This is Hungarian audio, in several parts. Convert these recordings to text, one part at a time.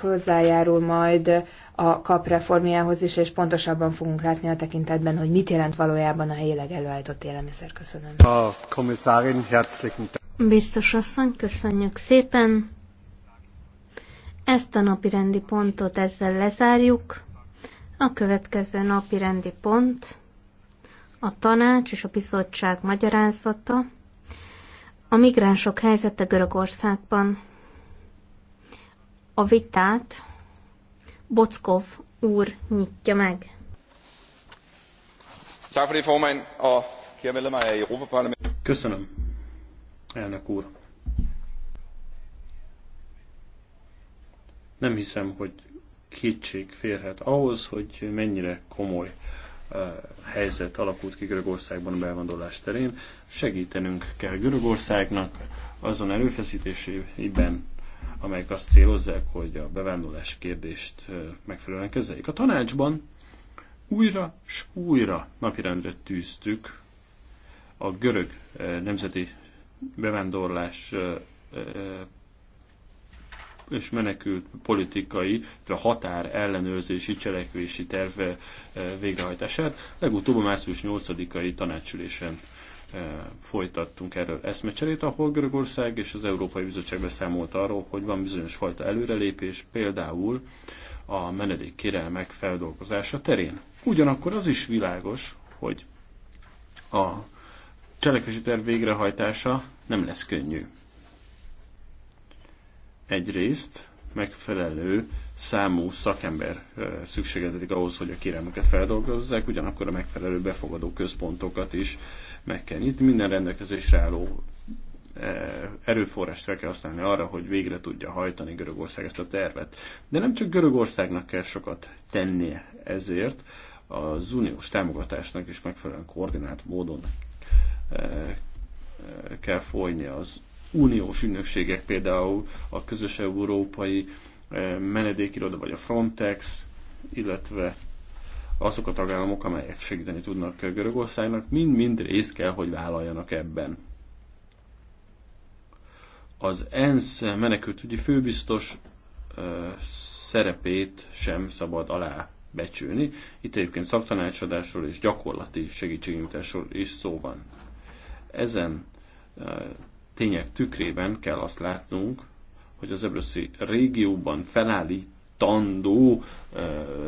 hozzájárul majd a kap reformjához is, és pontosabban fogunk látni a tekintetben, hogy mit jelent valójában a helyileg előállított élelmiszer. Köszönöm. A komisszárin, herzlichen Biztos asszony, köszönjük szépen. Ezt a napi rendi pontot ezzel lezárjuk. A következő napi rendi pont a tanács és a bizottság magyarázata a migránsok helyzete Görögországban a vitát Bockov úr nyitja meg. Köszönöm, elnök úr. Nem hiszem, hogy kétség férhet ahhoz, hogy mennyire komoly helyzet alakult ki Görögországban a bevándorlás terén. Segítenünk kell Görögországnak azon erőfeszítésében, amelyek azt célozzák, hogy a bevándorlás kérdést megfelelően kezeljék. A tanácsban újra és újra napirendre tűztük a görög nemzeti bevándorlás és menekült politikai, vagy határ ellenőrzési cselekvési terve végrehajtását. Legutóbb a március 8-ai tanácsülésen folytattunk erről eszmecserét, ahol Görögország és az Európai Bizottság beszámolt arról, hogy van bizonyos fajta előrelépés, például a menedékkérelmek feldolgozása terén. Ugyanakkor az is világos, hogy a cselekvési terv végrehajtása nem lesz könnyű. Egyrészt megfelelő számú szakember szükségedik ahhoz, hogy a kérelmüket feldolgozzák, ugyanakkor a megfelelő befogadó központokat is meg kell nyitni. Minden rendelkezésre álló erőforrást fel kell használni arra, hogy végre tudja hajtani Görögország ezt a tervet. De nem csak Görögországnak kell sokat tennie ezért, az uniós támogatásnak is megfelelően koordinált módon kell folyni az uniós ügynökségek, például a közös európai menedékiroda vagy a Frontex, illetve azok a tagállamok, amelyek segíteni tudnak Görögországnak, mind-mind részt kell, hogy vállaljanak ebben. Az ENSZ menekültügyi főbiztos ö, szerepét sem szabad alá becsülni. Itt egyébként szaktanácsadásról és gyakorlati segítségnyújtásról is szó van. Ezen ö, tények tükrében kell azt látnunk, hogy az öbröszi régióban felállítandó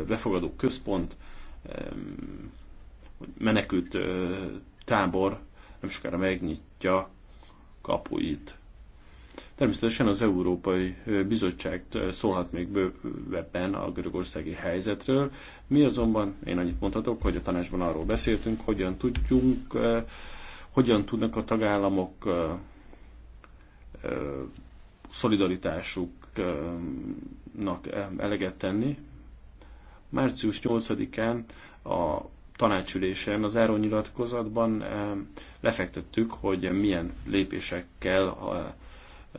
befogadó központ, menekült tábor nem sokára megnyitja kapuit. Természetesen az Európai Bizottság szólhat még bővebben a görögországi helyzetről. Mi azonban, én annyit mondhatok, hogy a tanácsban arról beszéltünk, hogyan tudjunk, hogyan tudnak a tagállamok szolidaritásuknak ehm, eleget tenni. Március 8-án a tanácsülésen az áronyilatkozatban ehm, lefektettük, hogy milyen lépésekkel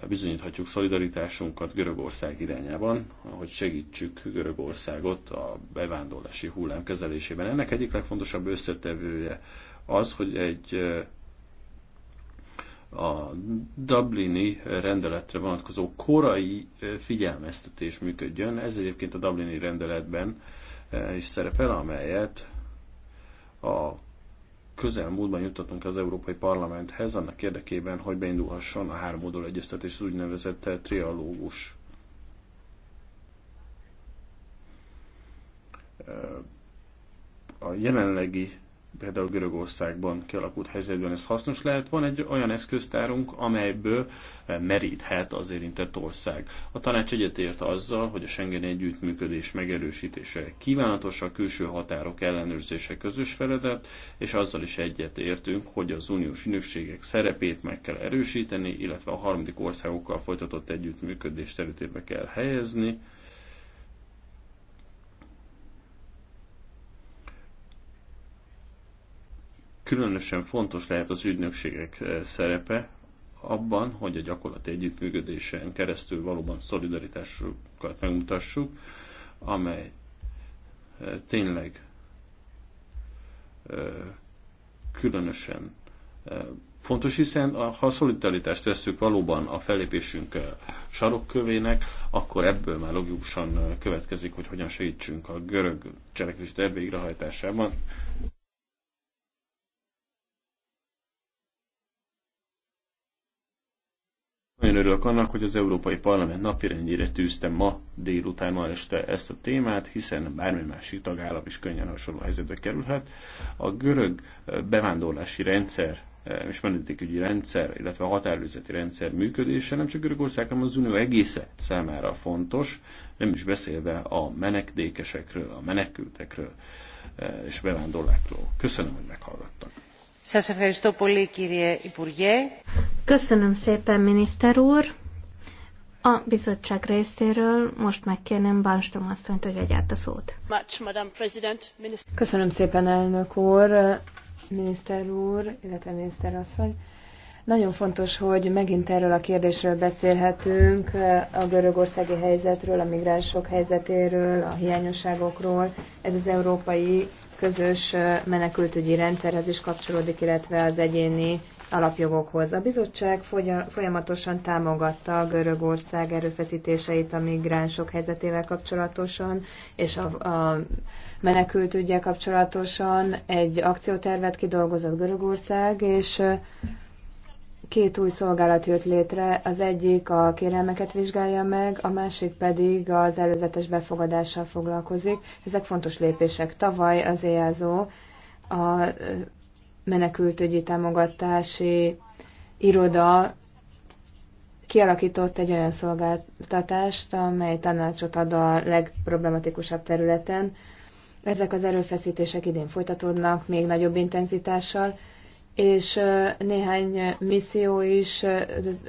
bizonyíthatjuk szolidaritásunkat Görögország irányában, hogy segítsük Görögországot a bevándorlási hullám kezelésében. Ennek egyik legfontosabb összetevője az, hogy egy a Dublini rendeletre vonatkozó korai figyelmeztetés működjön. Ez egyébként a Dublini rendeletben is szerepel, amelyet a közelmúltban juttatunk az Európai Parlamenthez annak érdekében, hogy beindulhasson a háromoldalú egyeztetés az úgynevezett trialógus. A jelenlegi például Görögországban kialakult helyzetben ez hasznos lehet. Van egy olyan eszköztárunk, amelyből eh, meríthet az érintett ország. A tanács egyetért azzal, hogy a Schengen együttműködés megerősítése kívánatos, a külső határok ellenőrzése közös feladat, és azzal is egyetértünk, hogy az uniós ügynökségek szerepét meg kell erősíteni, illetve a harmadik országokkal folytatott együttműködés területébe kell helyezni Különösen fontos lehet az ügynökségek eh, szerepe abban, hogy a gyakorlati együttműködésen keresztül valóban szolidaritásukat megmutassuk, amely eh, tényleg eh, különösen fontos, hiszen ha a szolidaritást vesszük valóban a fellépésünk sarokkövének, akkor ebből már logikusan következik, hogy hogyan segítsünk a görög cselekvés végrehajtásában. örülök annak, hogy az Európai Parlament napirendjére tűzte ma délután, ma este ezt a témát, hiszen bármi másik tagállam is könnyen hasonló helyzetbe kerülhet. A görög eh, bevándorlási rendszer eh, és menedékügyi rendszer, illetve a határőrizeti rendszer működése nem csak Görögország, hanem az Unió egésze számára fontos, nem is beszélve a menekdékesekről, a menekültekről eh, és bevándorlákról. Köszönöm, hogy meghallgattak. Köszönöm szépen, miniszter úr! A bizottság részéről most megkérném Bánstrom asszonyt, hogy vegye át a szót. Köszönöm szépen, elnök úr, miniszter úr, illetve miniszter asszony. Nagyon fontos, hogy megint erről a kérdésről beszélhetünk, a görögországi helyzetről, a migránsok helyzetéről, a hiányosságokról. Ez az európai közös menekültügyi rendszerhez is kapcsolódik, illetve az egyéni alapjogokhoz. A bizottság folyamatosan támogatta a Görögország erőfeszítéseit a migránsok helyzetével kapcsolatosan, és a, a menekültügyel kapcsolatosan egy akciótervet kidolgozott Görögország, és két új szolgálat jött létre, az egyik a kérelmeket vizsgálja meg, a másik pedig az előzetes befogadással foglalkozik. Ezek fontos lépések. Tavaly az éjjelzó a menekültügyi támogatási iroda kialakított egy olyan szolgáltatást, amely tanácsot ad a legproblematikusabb területen. Ezek az erőfeszítések idén folytatódnak még nagyobb intenzitással, és néhány misszió is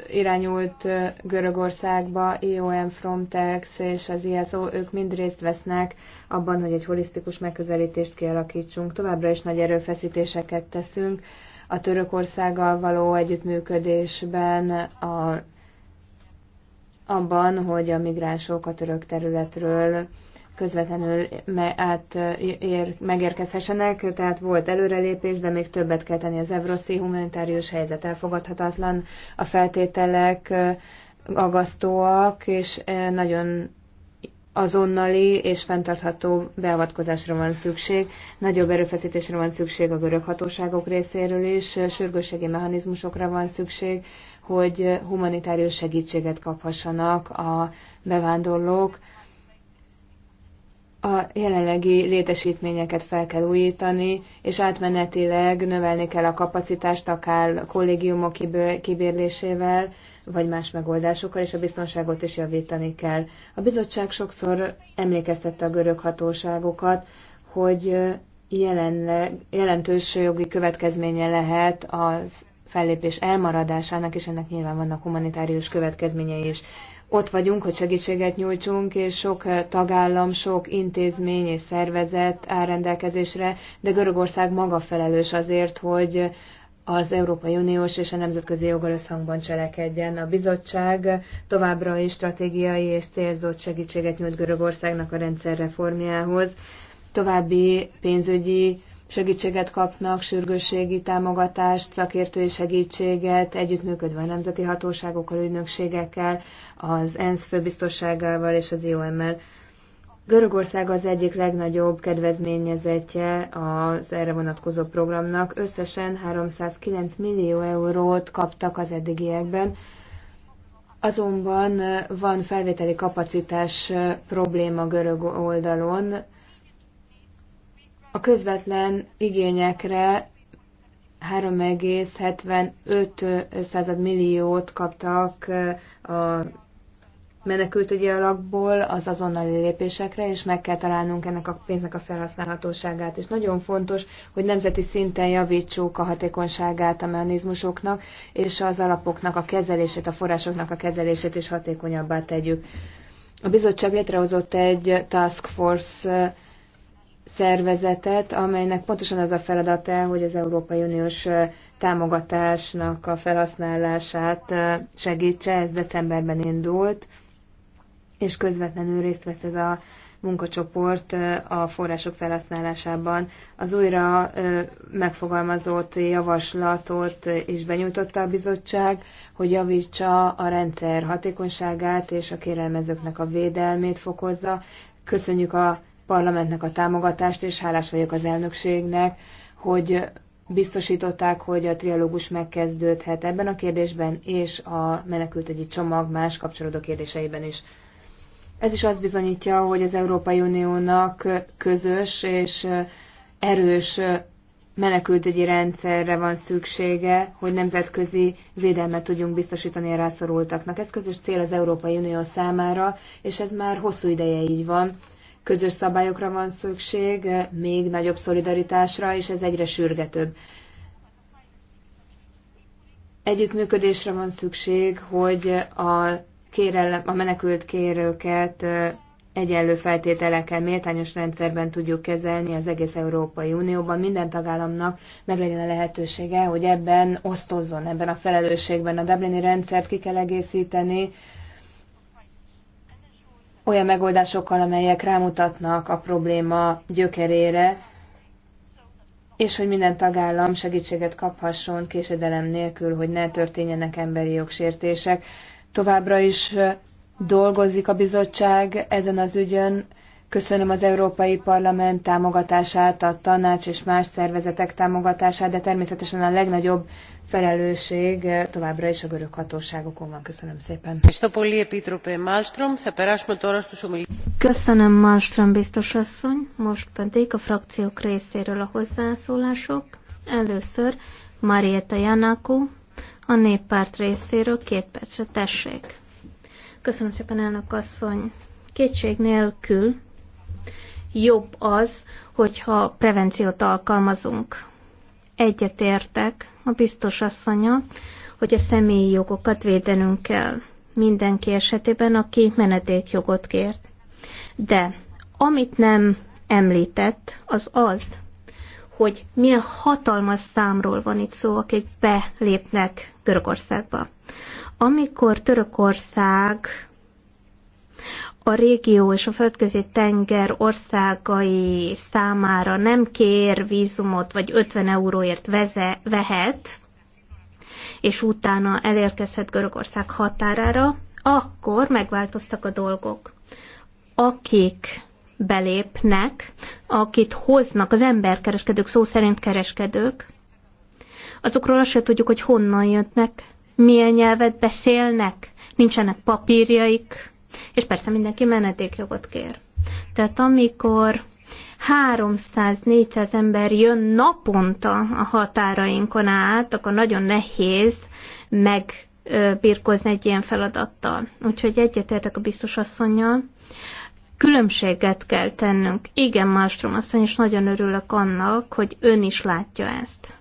irányult Görögországba, IOM, Frontex és az ISO, ők mind részt vesznek abban, hogy egy holisztikus megközelítést kialakítsunk. Továbbra is nagy erőfeszítéseket teszünk a Törökországgal való együttműködésben, a, abban, hogy a migránsok a török területről közvetlenül me- át, ér, megérkezhessenek, tehát volt előrelépés, de még többet kell tenni az evroszi humanitárius helyzet elfogadhatatlan, a feltételek agasztóak, és nagyon azonnali és fenntartható beavatkozásra van szükség, nagyobb erőfeszítésre van szükség a görög hatóságok részéről is, sürgősségi mechanizmusokra van szükség, hogy humanitárius segítséget kaphassanak a bevándorlók, a jelenlegi létesítményeket fel kell újítani, és átmenetileg növelni kell a kapacitást, akár kollégiumok kibérlésével, vagy más megoldásokkal, és a biztonságot is javítani kell. A bizottság sokszor emlékeztette a görög hatóságokat, hogy jelenleg, jelentős jogi következménye lehet az fellépés elmaradásának, és ennek nyilván vannak humanitárius következményei is ott vagyunk, hogy segítséget nyújtsunk, és sok eh, tagállam, sok intézmény és szervezet áll rendelkezésre, de Görögország maga felelős azért, hogy az Európai Uniós és a nemzetközi joggal összhangban cselekedjen. A bizottság továbbra is stratégiai és célzott segítséget nyújt Görögországnak a rendszer reformjához. További pénzügyi segítséget kapnak, sürgősségi támogatást, szakértői segítséget, együttműködve a nemzeti hatóságokkal, ügynökségekkel, az ENSZ főbiztosságával és az IOM-mel. Görögország az egyik legnagyobb kedvezményezetje az erre vonatkozó programnak. Összesen 309 millió eurót kaptak az eddigiekben, azonban van felvételi kapacitás probléma görög oldalon, a közvetlen igényekre 3,75 milliót kaptak a menekültügyi alakból az azonnali lépésekre, és meg kell találnunk ennek a pénznek a felhasználhatóságát. És nagyon fontos, hogy nemzeti szinten javítsuk a hatékonyságát a mechanizmusoknak, és az alapoknak a kezelését, a forrásoknak a kezelését is hatékonyabbá tegyük. A bizottság létrehozott egy task force szervezetet, amelynek pontosan az a feladata, hogy az Európai Uniós támogatásnak a felhasználását segítse. Ez decemberben indult, és közvetlenül részt vesz ez a munkacsoport a források felhasználásában. Az újra megfogalmazott javaslatot is benyújtotta a bizottság, hogy javítsa a rendszer hatékonyságát és a kérelmezőknek a védelmét fokozza. Köszönjük a parlamentnek a támogatást, és hálás vagyok az elnökségnek, hogy biztosították, hogy a trialógus megkezdődhet ebben a kérdésben, és a menekültügyi csomag más kapcsolódó kérdéseiben is. Ez is azt bizonyítja, hogy az Európai Uniónak közös és erős menekültügyi rendszerre van szüksége, hogy nemzetközi védelmet tudjunk biztosítani a rászorultaknak. Ez közös cél az Európai Unió számára, és ez már hosszú ideje így van közös szabályokra van szükség, eh, még nagyobb szolidaritásra, és ez egyre sürgetőbb. Együttműködésre van szükség, hogy a, kérelem, a menekült kérőket eh, egyenlő feltételekkel méltányos rendszerben tudjuk kezelni az egész Európai Unióban. Minden tagállamnak meg legyen a lehetősége, hogy ebben osztozzon, ebben a felelősségben. A Dublini rendszert ki kell egészíteni olyan megoldásokkal, amelyek rámutatnak a probléma gyökerére, és hogy minden tagállam segítséget kaphasson késedelem nélkül, hogy ne történjenek emberi jogsértések. Továbbra is dolgozik a bizottság ezen az ügyön, Köszönöm az Európai Parlament támogatását, a tanács és más szervezetek támogatását, de természetesen a legnagyobb felelősség eh, továbbra is a görög hatóságokon van. Köszönöm szépen. Köszönöm, Malmström biztos asszony. Most pedig a frakciók részéről a hozzászólások. Először Marietta Janaku, a néppárt részéről két percre tessék. Köszönöm szépen, elnök asszony. Kétség nélkül jobb az, hogyha prevenciót alkalmazunk. Egyetértek a biztos asszonya, hogy a személyi jogokat védenünk kell mindenki esetében, aki menedékjogot kért. De amit nem említett, az az, hogy milyen hatalmas számról van itt szó, akik belépnek Görögországba. Amikor Törökország a régió és a földközi tenger országai számára nem kér vízumot, vagy 50 euróért veze, vehet, és utána elérkezhet Görögország határára, akkor megváltoztak a dolgok. Akik belépnek, akit hoznak az emberkereskedők, szó szerint kereskedők, azokról azt sem tudjuk, hogy honnan jöttnek, milyen nyelvet beszélnek, nincsenek papírjaik, és persze mindenki menedékjogot kér. Tehát amikor 300-400 ember jön naponta a határainkon át, akkor nagyon nehéz megbirkózni egy ilyen feladattal. Úgyhogy egyetértek a biztos asszonynal. Különbséget kell tennünk. Igen, Malmström asszony, és nagyon örülök annak, hogy ön is látja ezt.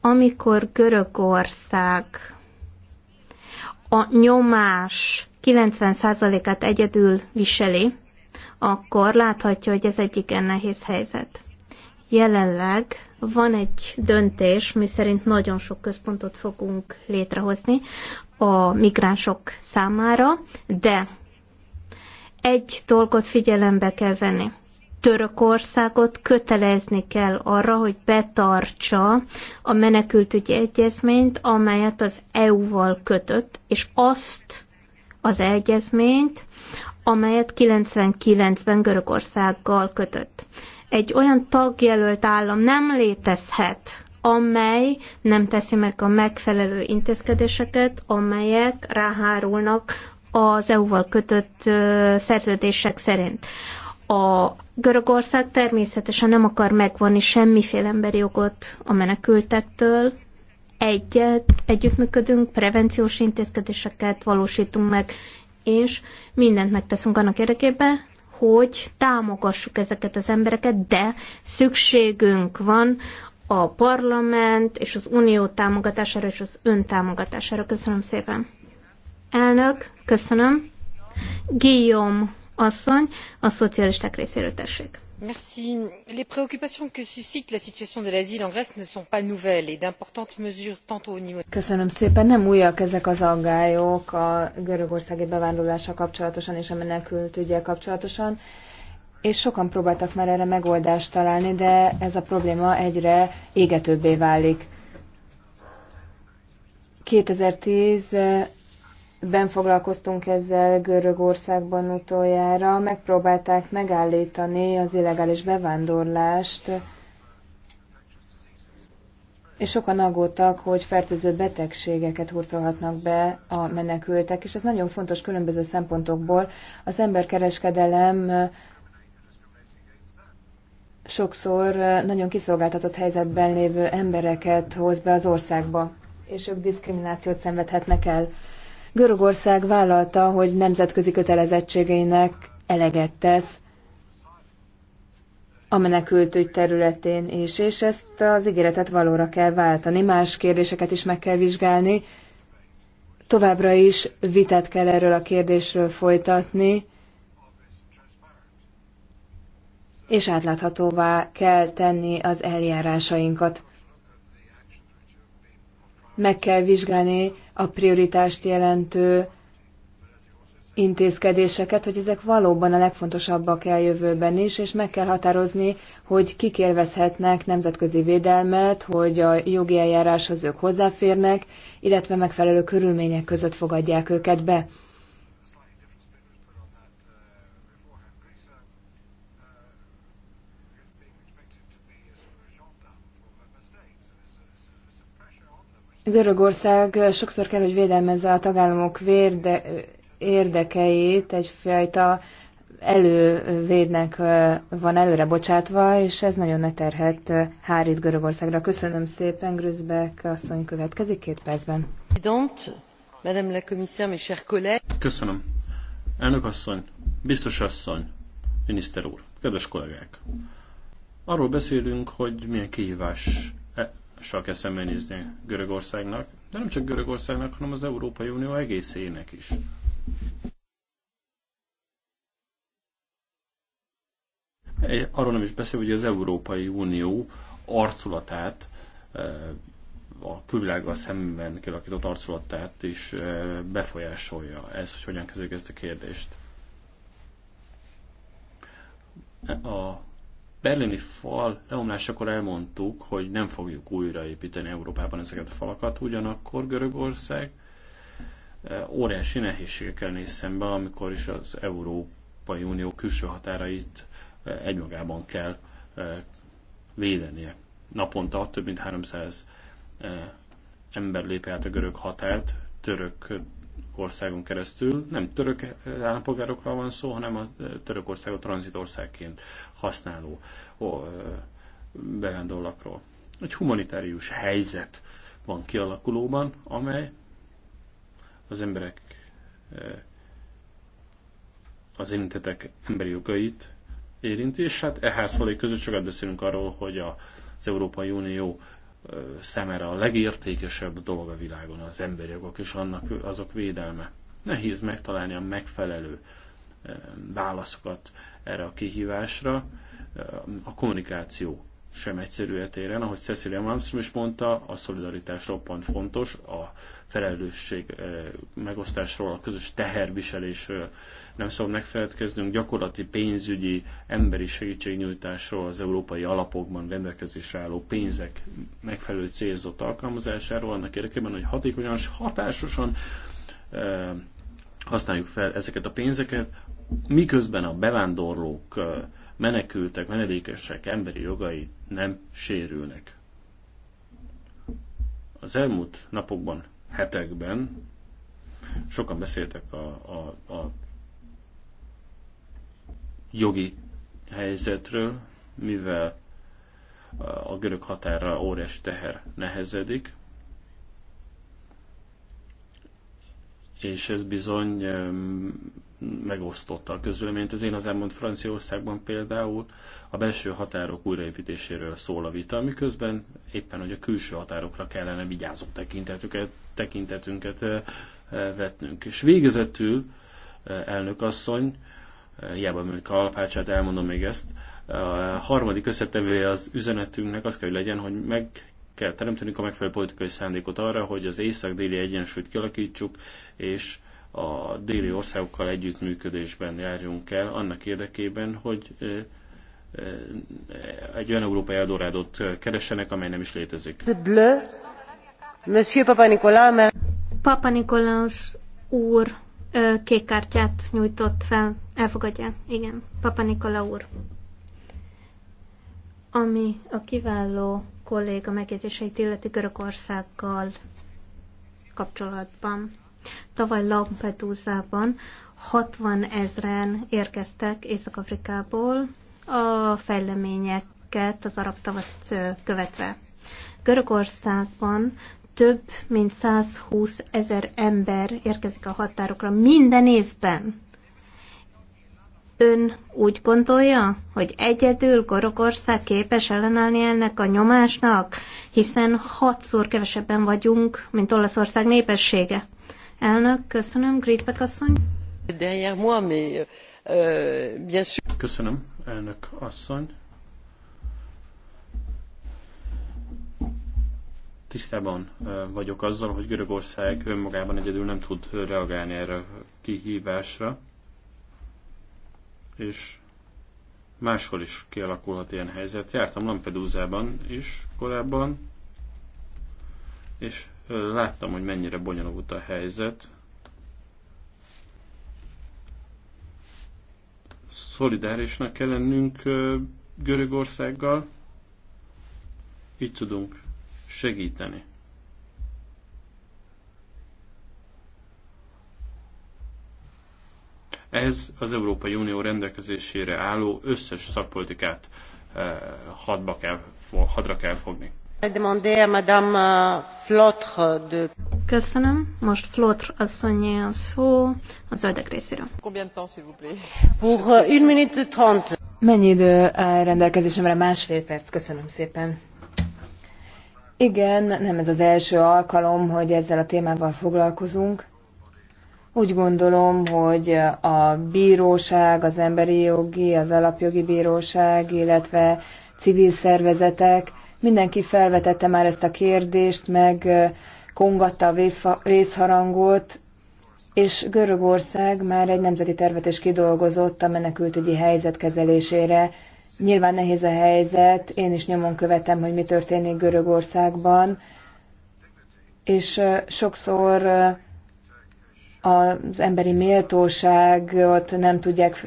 Amikor Görögország a nyomás 90%-át egyedül viseli, akkor láthatja, hogy ez egy igen nehéz helyzet. Jelenleg van egy döntés, miszerint nagyon sok központot fogunk létrehozni a migránsok számára, de egy dolgot figyelembe kell venni. Törökországot kötelezni kell arra, hogy betartsa a menekültügyi egyezményt, amelyet az EU-val kötött, és azt az egyezményt, amelyet 99-ben Görögországgal kötött. Egy olyan tagjelölt állam nem létezhet, amely nem teszi meg a megfelelő intézkedéseket, amelyek ráhárulnak az EU-val kötött szerződések szerint. A Görögország természetesen nem akar megvonni semmiféle emberi jogot a menekültektől, egyet, együttműködünk, prevenciós intézkedéseket valósítunk meg, és mindent megteszünk annak érdekében, hogy támogassuk ezeket az embereket, de szükségünk van a parlament és az unió támogatására és az ön támogatására. Köszönöm szépen. Elnök, köszönöm. Guillaume asszony, a szocialisták részéről tessék les préoccupations que suscite la situation de l'asile en grèce ne sont pas nouvelles et d'importantes mesures tant au niveau. Köszönöm szépen, nem újak ezek az aggályok a görögországi bevándorlással kapcsolatosan és a menekült ügyel kapcsolatosan, és sokan próbáltak már erre megoldást találni, de ez a probléma egyre égetőbbé válik. 2010 ben foglalkoztunk ezzel Görögországban utoljára, megpróbálták megállítani az illegális bevándorlást, és sokan aggódtak, hogy fertőző betegségeket hurcolhatnak be a menekültek, és ez nagyon fontos különböző szempontokból. Az emberkereskedelem sokszor nagyon kiszolgáltatott helyzetben lévő embereket hoz be az országba, és ők diszkriminációt szenvedhetnek el. Görögország vállalta, hogy nemzetközi kötelezettségeinek eleget tesz a menekültügy területén is, és ezt az ígéretet valóra kell váltani. Más kérdéseket is meg kell vizsgálni. Továbbra is vitát kell erről a kérdésről folytatni, és átláthatóvá kell tenni az eljárásainkat meg kell vizsgálni a prioritást jelentő intézkedéseket, hogy ezek valóban a legfontosabbak el jövőben is, és meg kell határozni, hogy kik élvezhetnek nemzetközi védelmet, hogy a jogi eljáráshoz ők hozzáférnek, illetve megfelelő körülmények között fogadják őket be. Görögország sokszor kell, hogy védelmezze a tagállamok vérde, érdekeit, egyfajta elővédnek van előre bocsátva, és ez nagyon ne terhet hárít Görögországra. Köszönöm szépen, Grözbek asszony következik két percben. Köszönöm. Elnök asszony, biztos asszony, miniszter úr, kedves kollégák! Arról beszélünk, hogy milyen kihívás kell szembenézni Görögországnak, de nem csak Görögországnak, hanem az Európai Unió egészének is. Arról nem is beszél, hogy az Európai Unió arculatát, e, a külvilággal szemben kialakított arculatát is e, befolyásolja ez, hogy hogyan kezeljük ezt a kérdést. E, a berlini fal leomlásakor elmondtuk, hogy nem fogjuk újraépíteni Európában ezeket a falakat, ugyanakkor Görögország e, óriási nehézségekkel néz szembe, amikor is az Európai Unió külső határait e, egymagában kell e, védenie. Naponta több mint 300 ember lép át a görög határt, török országon keresztül. Nem török eh, állampolgárokról van szó, hanem a eh, Törökországot tranzitországként használó eh, bevándorlókról. Egy humanitárius helyzet van kialakulóban, amely az emberek, az érintetek emberi jogait érinti, és hát ehhez felé között sokat beszélünk arról, hogy a, az Európai Unió szemere a legértékesebb dolog a világon az emberi jogok és annak, azok védelme. Nehéz megtalálni a megfelelő válaszokat erre a kihívásra. A kommunikáció sem egyszerű etéren. Ahogy Cecilia Malmström is mondta, a szolidaritás roppant fontos, a felelősség eh, megosztásról, a közös teherviselésről nem szabad megfeledkeznünk, gyakorlati pénzügyi, emberi segítségnyújtásról, az európai alapokban rendelkezésre álló pénzek megfelelő célzott alkalmazásáról, annak érdekében, hogy hatékonyan és hatásosan eh, használjuk fel ezeket a pénzeket, miközben a bevándorlók eh, menekültek, menedékesek emberi jogai nem sérülnek. Az elmúlt napokban, hetekben sokan beszéltek a, a, a jogi helyzetről, mivel a görög határa óriási teher nehezedik, és ez bizony megosztotta a közvéleményt. Az én az elmond Franciaországban például a belső határok újraépítéséről szól a vita, miközben éppen, hogy a külső határokra kellene vigyázó tekintetünket, tekintetünket eh, eh, vetnünk. És végezetül, eh, elnök asszony, hiába mondjuk a alapácsát, elmondom még ezt, a harmadik összetevője az üzenetünknek az kell, hogy legyen, hogy meg kell teremtenünk a megfelelő politikai szándékot arra, hogy az észak-déli egyensúlyt kialakítsuk, és a déli országokkal együttműködésben járjunk el, annak érdekében, hogy egy olyan európai eldorádot keressenek, amely nem is létezik. Bleu, Monsieur Papa Nicolau, Papa Nikolaus úr kék kártyát nyújtott fel. Elfogadja? Igen. Papa Nikola úr. Ami a kiváló kolléga megjegyzéseit illeti Görögországgal kapcsolatban. Tavaly Lampedusa-ban 60 ezren érkeztek Észak-Afrikából a fejleményeket az arab tavat követve. Görögországban több mint 120 ezer ember érkezik a határokra minden évben. Ön úgy gondolja, hogy egyedül Görögország képes ellenállni ennek a nyomásnak, hiszen hatszor kevesebben vagyunk, mint Olaszország népessége. Elnök, köszönöm. Griszbek asszony. Derrière moi, mais euh, bien sûr. Köszönöm, elnök asszony. Tisztában vagyok azzal, hogy Görögország önmagában egyedül nem tud reagálni erre a kihívásra, és máshol is kialakulhat ilyen helyzet. Jártam Lampedusában is korábban, és Láttam, hogy mennyire bonyolult a helyzet. Szolidárisnak kell lennünk Görögországgal. Így tudunk segíteni. Ez az Európai Unió rendelkezésére álló összes szakpolitikát hadba kell, hadra kell fogni. Euh, Köszönöm. Most Flotr asszonyé a szó a zöldek részéről. Pour euh, une minute trente. Mennyi idő áll rendelkezésemre? Másfél perc. Köszönöm szépen. Igen, nem ez az első alkalom, hogy ezzel a témával foglalkozunk. Úgy gondolom, hogy a bíróság, az emberi jogi, az alapjogi bíróság, illetve civil szervezetek Mindenki felvetette már ezt a kérdést, meg kongatta a vészharangot, és Görögország már egy nemzeti tervet is kidolgozott a menekültügyi helyzet kezelésére. Nyilván nehéz a helyzet, én is nyomon követem, hogy mi történik Görögországban, és sokszor az emberi méltóságot nem tudják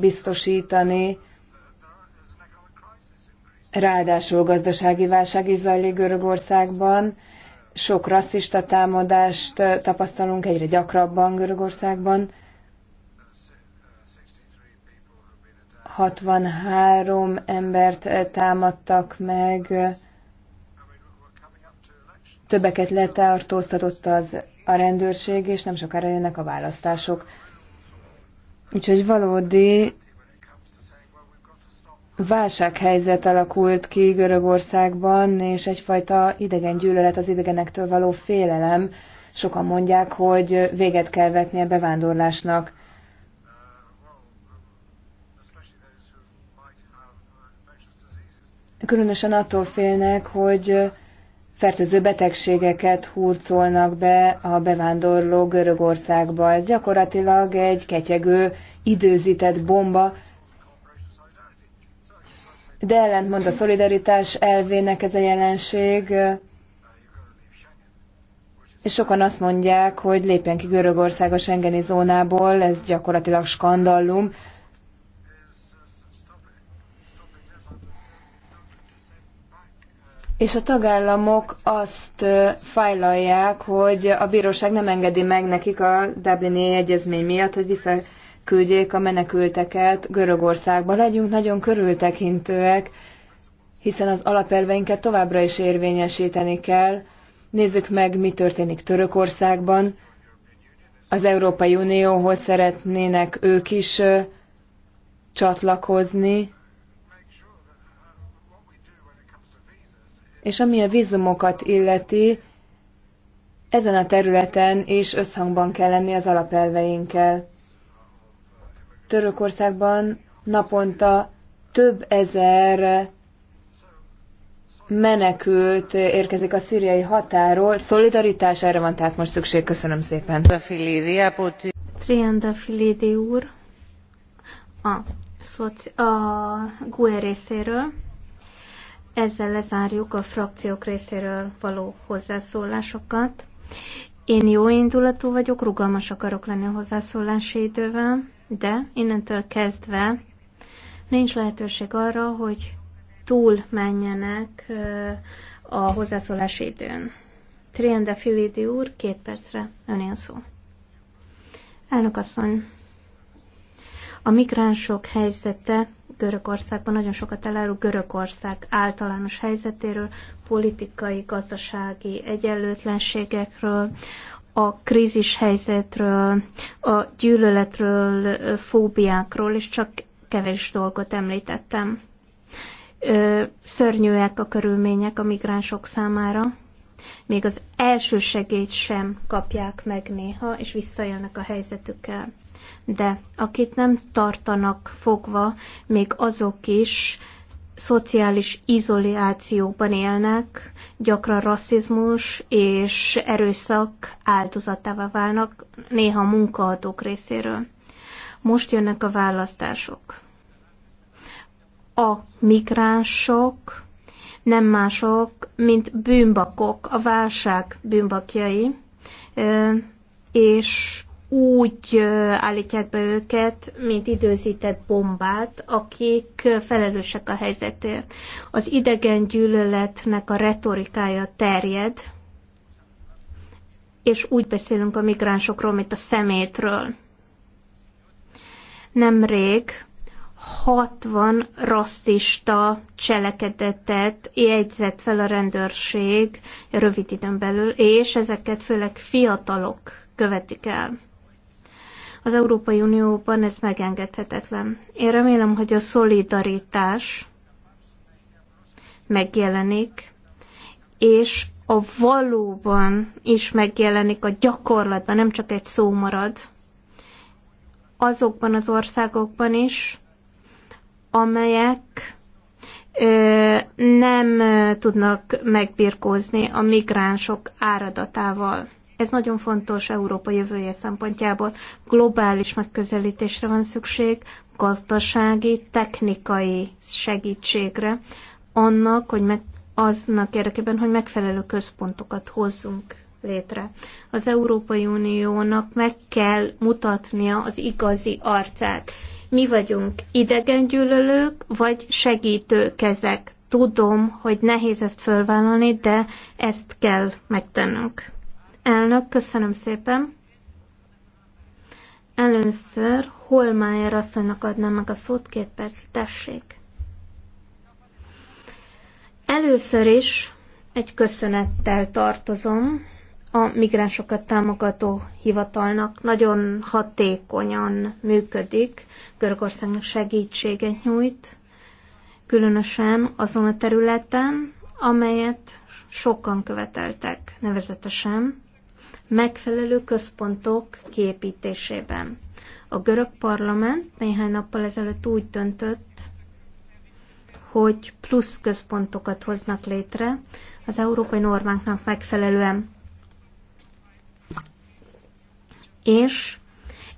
biztosítani, Ráadásul gazdasági válság is zajlik Görögországban, sok rasszista támadást tapasztalunk egyre gyakrabban Görögországban. 63 embert támadtak meg, többeket letartóztatott az a rendőrség, és nem sokára jönnek a választások. Úgyhogy valódi válsághelyzet alakult ki Görögországban, és egyfajta idegen gyűlölet, az idegenektől való félelem. Sokan mondják, hogy véget kell vetni a bevándorlásnak. Különösen attól félnek, hogy fertőző betegségeket hurcolnak be a bevándorló Görögországba. Ez gyakorlatilag egy ketyegő, időzített bomba, de ellentmond a szolidaritás elvének ez a jelenség, és sokan azt mondják, hogy lépjen ki Görögország a Schengeni zónából, ez gyakorlatilag skandallum. És a tagállamok azt fájlalják, hogy a bíróság nem engedi meg nekik a Dublini egyezmény miatt, hogy vissza küldjék a menekülteket Görögországba. Legyünk nagyon körültekintőek, hiszen az alapelveinket továbbra is érvényesíteni kell. Nézzük meg, mi történik Törökországban. Az Európai Unióhoz szeretnének ők is csatlakozni. És ami a vízumokat illeti, ezen a területen és összhangban kell lenni az alapelveinkkel. Törökországban naponta több ezer menekült érkezik a szíriai határól. Szolidaritás erre van tehát most szükség. Köszönöm szépen. Trianda Filidi úr a, szoci- a GUE részéről. Ezzel lezárjuk a frakciók részéről való hozzászólásokat. Én jó indulatú vagyok, rugalmas akarok lenni a hozzászólási idővel de innentől kezdve nincs lehetőség arra, hogy túl menjenek a hozzászólási időn. Triende Filidi úr, két percre önél szó. Elnök asszony, a migránsok helyzete Görögországban nagyon sokat elárul Görögország általános helyzetéről, politikai, gazdasági egyenlőtlenségekről, a krízis helyzetről, a gyűlöletről, fóbiákról, és csak kevés dolgot említettem. Szörnyűek a körülmények a migránsok számára, még az első segélyt sem kapják meg néha, és visszaélnek a helyzetükkel. De akit nem tartanak fogva, még azok is, szociális izolációban élnek, gyakran rasszizmus és erőszak áldozatává válnak, néha munkahatók részéről. Most jönnek a választások. A migránsok nem mások, mint bűnbakok, a válság bűnbakjai, és úgy állítják be őket, mint időzített bombát, akik felelősek a helyzetért. Az idegen gyűlöletnek a retorikája terjed, és úgy beszélünk a migránsokról, mint a szemétről. Nemrég 60 rasszista cselekedetet jegyzett fel a rendőrség rövid időn belül, és ezeket főleg fiatalok követik el az Európai Unióban ez megengedhetetlen. Én remélem, hogy a szolidaritás megjelenik, és a valóban is megjelenik a gyakorlatban, nem csak egy szó marad, azokban az országokban is, amelyek ö, nem tudnak megbirkózni a migránsok áradatával. Ez nagyon fontos Európa jövője szempontjából. Globális megközelítésre van szükség, gazdasági, technikai segítségre, annak, hogy meg, aznak érdekében, hogy megfelelő központokat hozzunk létre. Az Európai Uniónak meg kell mutatnia az igazi arcát. Mi vagyunk idegengyűlölők, vagy segítőkezek. Tudom, hogy nehéz ezt fölvállalni, de ezt kell megtennünk. Elnök, köszönöm szépen. Először Holmájer asszonynak adnám meg a szót, két perc, tessék. Először is egy köszönettel tartozom a migránsokat támogató hivatalnak. Nagyon hatékonyan működik, Görögországnak segítséget nyújt, különösen azon a területen, amelyet sokan követeltek, nevezetesen megfelelő központok kiépítésében. A görög parlament néhány nappal ezelőtt úgy döntött, hogy plusz központokat hoznak létre az európai normáknak megfelelően. És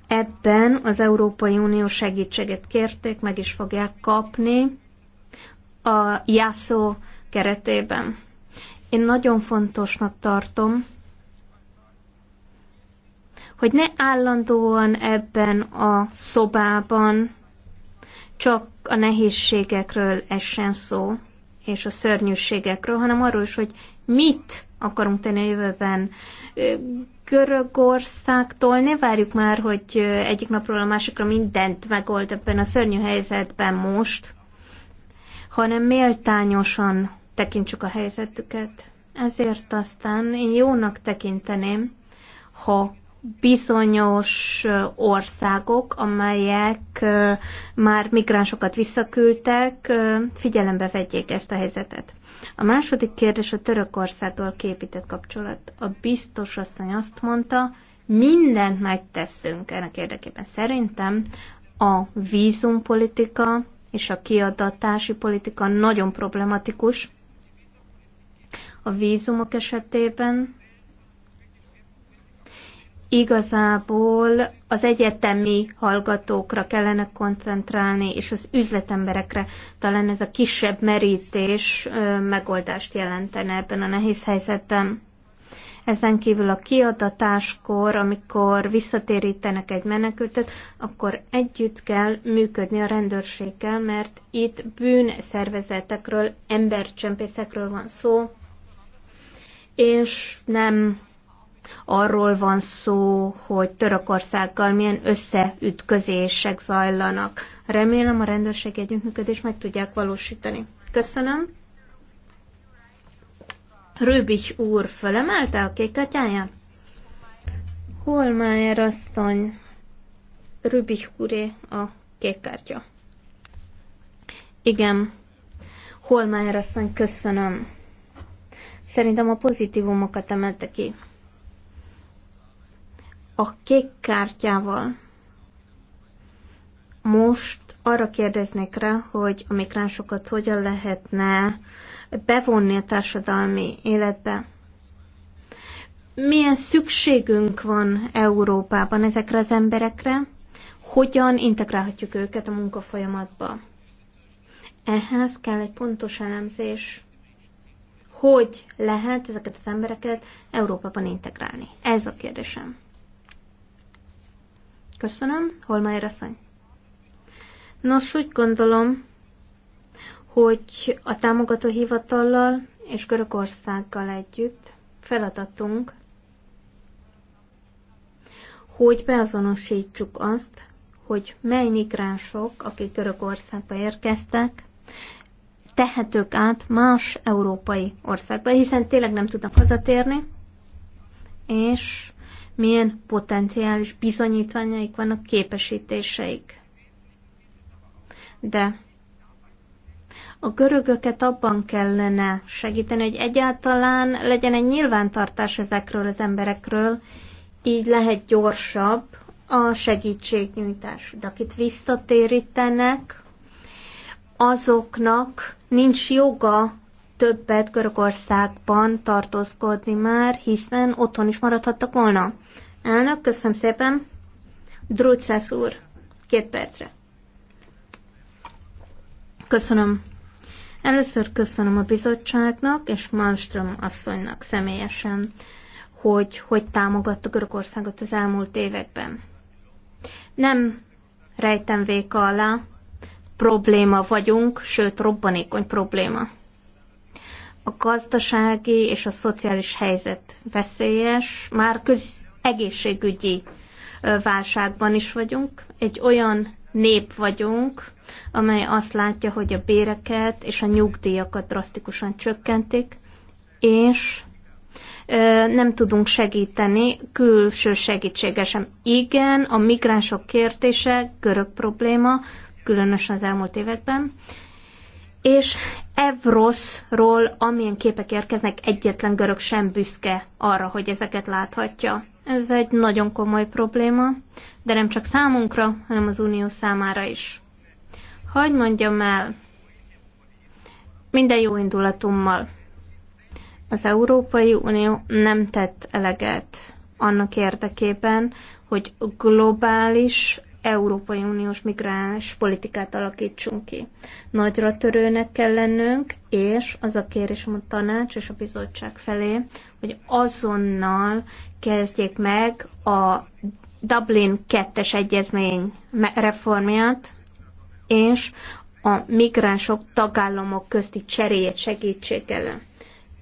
ebben az Európai Unió segítséget kérték, meg is fogják kapni a JASZO keretében. Én nagyon fontosnak tartom, hogy ne állandóan ebben a szobában csak a nehézségekről essen szó, és a szörnyűségekről, hanem arról is, hogy mit akarunk tenni a jövőben. Görögországtól ne várjuk már, hogy egyik napról a másikra mindent megold ebben a szörnyű helyzetben most, hanem méltányosan tekintsük a helyzetüket. Ezért aztán én jónak tekinteném, ha bizonyos országok, amelyek már migránsokat visszaküldtek, figyelembe vegyék ezt a helyzetet. A második kérdés a Törökországgal képített kapcsolat. A biztos asszony azt mondta, mindent megteszünk ennek érdekében. Szerintem a vízumpolitika és a kiadatási politika nagyon problematikus. A vízumok esetében igazából az egyetemi hallgatókra kellene koncentrálni, és az üzletemberekre talán ez a kisebb merítés megoldást jelentene ebben a nehéz helyzetben. Ezen kívül a kiadatáskor, amikor visszatérítenek egy menekültet, akkor együtt kell működni a rendőrséggel, mert itt bűnszervezetekről, embercsempészekről van szó, és nem Arról van szó, hogy Törökországgal milyen összeütközések zajlanak. Remélem a rendőrség együttműködést meg tudják valósítani. Köszönöm. Röbich úr fölemelte a kék kártyáját? már asszony, Röbich úré a kék kártya. Igen, Hol már asszony, köszönöm. Szerintem a pozitívumokat emelte ki a kék kártyával. Most arra kérdeznék rá, hogy a migránsokat hogyan lehetne bevonni a társadalmi életbe. Milyen szükségünk van Európában ezekre az emberekre? Hogyan integrálhatjuk őket a munkafolyamatba? Ehhez kell egy pontos elemzés, hogy lehet ezeket az embereket Európában integrálni. Ez a kérdésem. Köszönöm. Holmeier asszony. Nos, úgy gondolom, hogy a támogató hivatallal és Görögországgal együtt feladatunk, hogy beazonosítsuk azt, hogy mely migránsok, akik Görögországba érkeztek, tehetők át más európai országba, hiszen tényleg nem tudnak hazatérni, és milyen potenciális bizonyítványaik vannak, képesítéseik. De a görögöket abban kellene segíteni, hogy egyáltalán legyen egy nyilvántartás ezekről az emberekről, így lehet gyorsabb a segítségnyújtás. De akit visszatérítenek, azoknak nincs joga többet Görögországban tartózkodni már, hiszen otthon is maradhattak volna. Elnök, köszönöm szépen. Drúcsász úr, két percre. Köszönöm. Először köszönöm a bizottságnak és Malmström asszonynak személyesen, hogy, hogy támogatta Görögországot az elmúlt években. Nem rejtem véka alá, probléma vagyunk, sőt robbanékony probléma a gazdasági és a szociális helyzet veszélyes, már köz egészségügyi válságban is vagyunk. Egy olyan nép vagyunk, amely azt látja, hogy a béreket és a nyugdíjakat drasztikusan csökkentik, és nem tudunk segíteni külső segítsége sem. Igen, a migránsok kérdése görög probléma, különösen az elmúlt években, és Evroszról, amilyen képek érkeznek, egyetlen görög sem büszke arra, hogy ezeket láthatja. Ez egy nagyon komoly probléma, de nem csak számunkra, hanem az Unió számára is. Hagy mondjam el, minden jó indulatommal, Az Európai Unió nem tett eleget annak érdekében, hogy globális Európai Uniós migráns politikát alakítsunk ki. Nagyra törőnek kell lennünk, és az a kérésem a tanács és a bizottság felé, hogy azonnal kezdjék meg a Dublin 2-es egyezmény reformját, és a migránsok tagállamok közti cseréjét segítsék elő.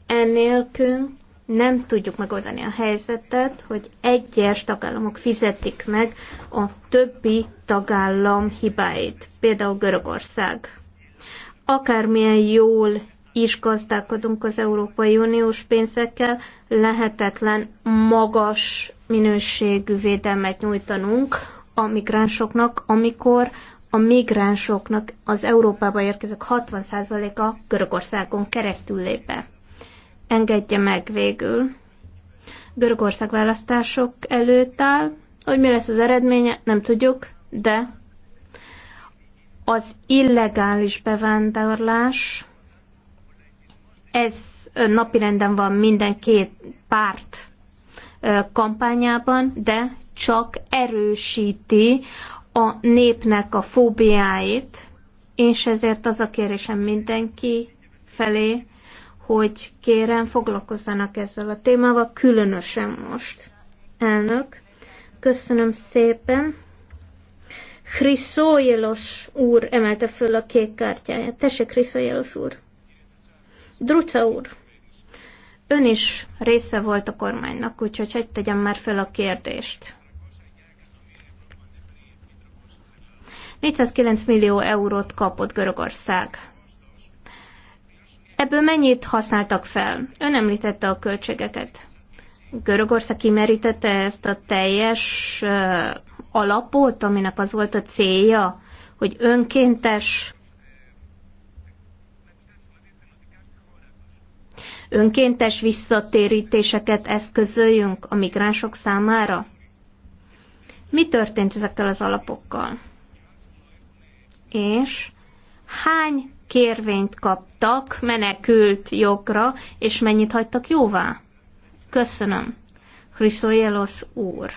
Ennélkül nem tudjuk megoldani a helyzetet, hogy egyes tagállamok fizetik meg a többi tagállam hibáit, például Görögország. Akármilyen jól is gazdálkodunk az Európai Uniós pénzekkel, lehetetlen magas minőségű védelmet nyújtanunk a migránsoknak, amikor a migránsoknak az Európába érkezők 60%-a Görögországon keresztül lép be engedje meg végül. Görögország választások előtt áll, hogy mi lesz az eredménye, nem tudjuk, de az illegális bevándorlás, ez napirenden van minden két párt kampányában, de csak erősíti a népnek a fóbiáit, és ezért az a kérésem mindenki felé, hogy kérem foglalkozzanak ezzel a témával, különösen most. Elnök, köszönöm szépen. Chrysoyelos úr emelte föl a kék kártyáját. Tessék, Chrysoyelos úr. Druca úr, ön is része volt a kormánynak, úgyhogy hagyd tegyem már föl a kérdést. 409 millió eurót kapott Görögország Ebből mennyit használtak fel? Ön említette a költségeket. Görögország kimerítette ezt a teljes alapot, aminek az volt a célja, hogy önkéntes önkéntes visszatérítéseket eszközöljünk a migránsok számára? Mi történt ezekkel az alapokkal? És hány kérvényt kaptak menekült jogra, és mennyit hagytak jóvá? Köszönöm. Hriszojelosz úr.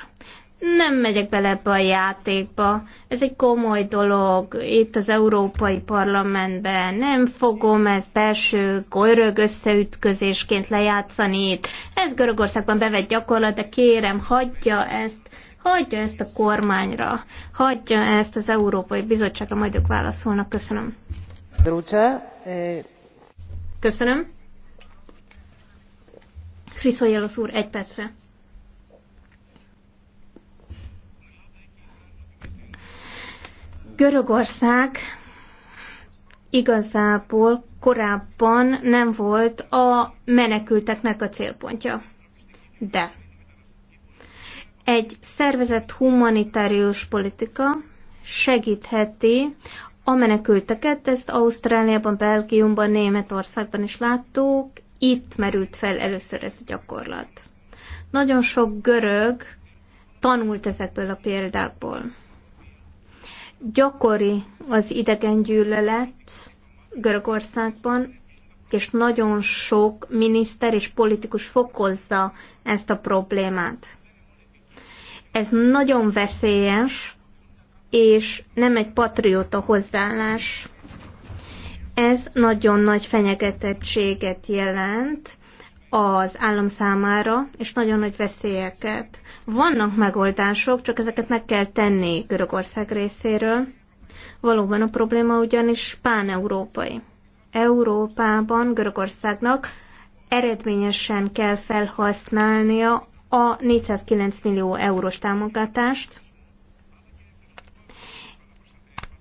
Nem megyek bele ebbe a játékba. Ez egy komoly dolog. Itt az Európai Parlamentben nem fogom ezt belső görög összeütközésként lejátszani itt. Ez Görögországban bevett gyakorlat, de kérem, hagyja ezt hagyja ezt a kormányra, hagyja ezt az Európai Bizottságra, majd ők válaszolnak. Köszönöm. E, Köszönöm. Kriszoljelosz úr, egy percre. Görögország igazából korábban nem volt a menekülteknek a célpontja. De egy szervezett humanitárius politika segítheti a menekülteket, ezt Ausztráliában, Belgiumban, Németországban is láttuk, itt merült fel először ez a gyakorlat. Nagyon sok görög tanult ezekből a példákból. Gyakori az idegengyűlölet Görögországban, és nagyon sok miniszter és politikus fokozza ezt a problémát. Ez nagyon veszélyes, és nem egy patrióta hozzáállás. Ez nagyon nagy fenyegetettséget jelent az állam számára, és nagyon nagy veszélyeket. Vannak megoldások, csak ezeket meg kell tenni Görögország részéről. Valóban a probléma ugyanis pán pán-európai. Európában Görögországnak eredményesen kell felhasználnia a 409 millió eurós támogatást,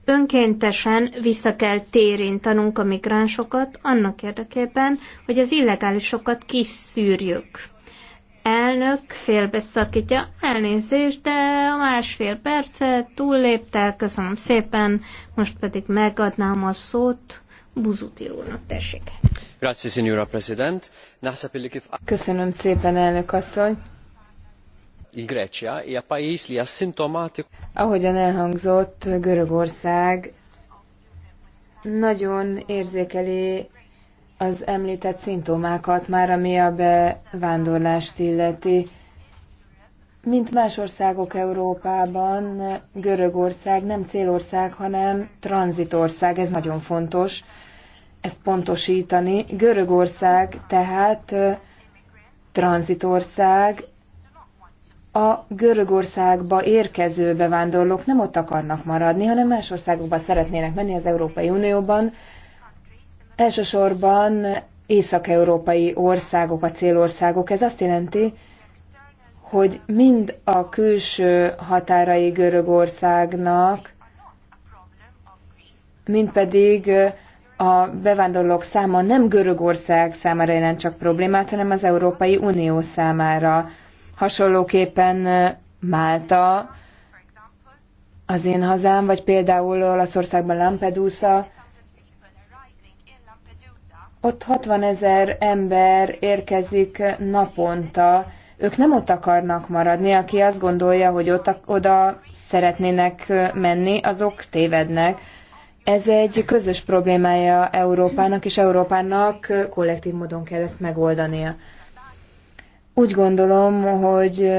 önkéntesen vissza kell térintanunk a migránsokat annak érdekében, hogy az illegálisokat kiszűrjük. Elnök félbeszakítja, elnézést, de a másfél percet túllépte, köszönöm szépen, most pedig megadnám a szót Buzuti úrnak, tessék. Köszönöm szépen, elnök asszony. Ahogyan elhangzott, Görögország nagyon érzékeli az említett szimptomákat már, ami a bevándorlást illeti. Mint más országok Európában, Görögország nem célország, hanem tranzitország, ez nagyon fontos ezt pontosítani. Görögország tehát tranzitország, a Görögországba érkező bevándorlók nem ott akarnak maradni, hanem más országokba szeretnének menni az Európai Unióban. Elsősorban észak-európai országok a célországok. Ez azt jelenti, hogy mind a külső határai Görögországnak, mind pedig a bevándorlók száma nem Görögország számára jelent csak problémát, hanem az Európai Unió számára hasonlóképpen Málta, az én hazám, vagy például Olaszországban Lampedusa. Ott 60 ezer ember érkezik naponta. Ők nem ott akarnak maradni, aki azt gondolja, hogy ott, oda szeretnének menni, azok tévednek. Ez egy közös problémája Európának, és Európának kollektív módon kell ezt megoldania. Úgy gondolom, hogy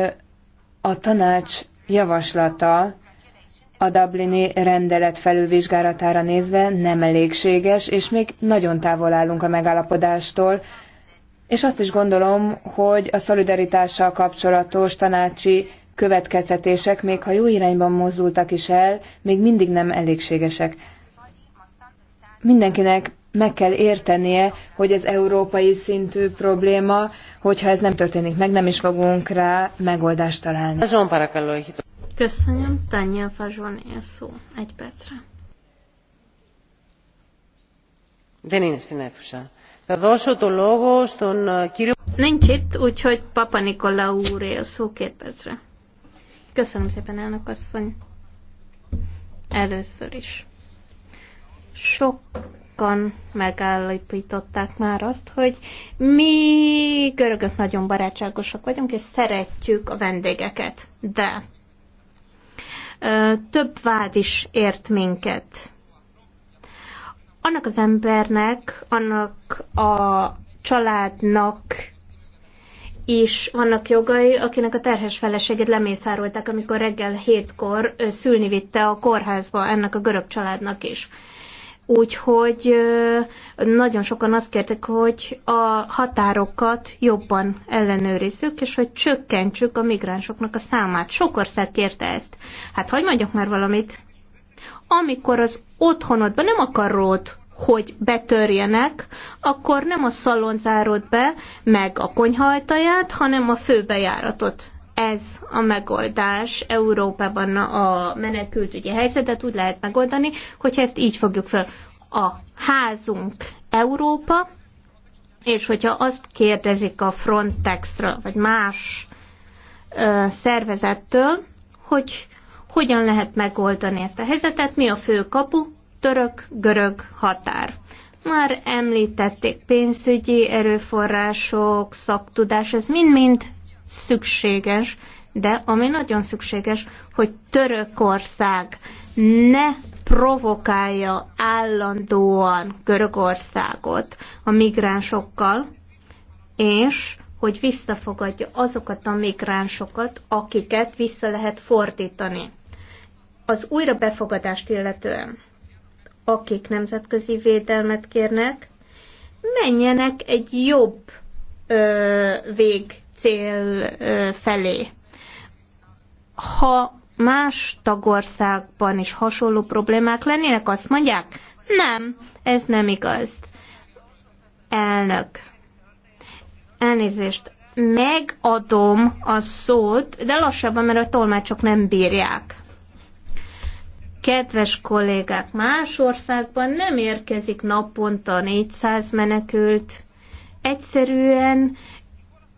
a tanács javaslata a Dublini rendelet felülvizsgálatára nézve nem elégséges, és még nagyon távol állunk a megállapodástól, és azt is gondolom, hogy a szolidaritással kapcsolatos tanácsi következtetések, még ha jó irányban mozdultak is el, még mindig nem elégségesek. Mindenkinek meg kell értenie, hogy ez európai szintű probléma, Hogyha ez nem történik meg, nem is fogunk rá megoldást találni. Köszönöm, Tanya Fazson, szó egy percre. Δεν είναι στην αίθουσα. Θα δώσω το λόγο στον κύριο... Nincs itt, úgyhogy Papa Nikola úré a szó két percre. Köszönöm szépen, elnök asszony. Először is. Sok sokan megállapították már azt, hogy mi görögök nagyon barátságosak vagyunk, és szeretjük a vendégeket. De ö, több vád is ért minket. Annak az embernek, annak a családnak is vannak jogai, akinek a terhes feleségét lemészárolták, amikor reggel hétkor szülni vitte a kórházba ennek a görög családnak is. Úgyhogy nagyon sokan azt kértek, hogy a határokat jobban ellenőrizzük, és hogy csökkentsük a migránsoknak a számát. Sok ország kérte ezt. Hát hogy mondjak már valamit. Amikor az otthonodban nem akarod, hogy betörjenek, akkor nem a szalon zárod be, meg a konyha ajtaját, hanem a főbejáratot ez a megoldás Európában a menekültügyi helyzetet úgy lehet megoldani, hogyha ezt így fogjuk fel. A házunk Európa, és hogyha azt kérdezik a Frontexről, vagy más ö, szervezettől, hogy hogyan lehet megoldani ezt a helyzetet, mi a fő kapu, török-görög határ. Már említették pénzügyi erőforrások, szaktudás, ez mind-mind szükséges, de ami nagyon szükséges, hogy Törökország ne provokálja állandóan Görögországot a migránsokkal, és hogy visszafogadja azokat a migránsokat, akiket vissza lehet fordítani. Az újra befogadást illetően, akik nemzetközi védelmet kérnek, menjenek egy jobb ö, vég cél felé. Ha más tagországban is hasonló problémák lennének, azt mondják, nem, ez nem igaz. Elnök. Elnézést. Megadom a szót, de lassabban, mert a tolmácsok nem bírják. Kedves kollégák, más országban nem érkezik naponta 400 menekült. Egyszerűen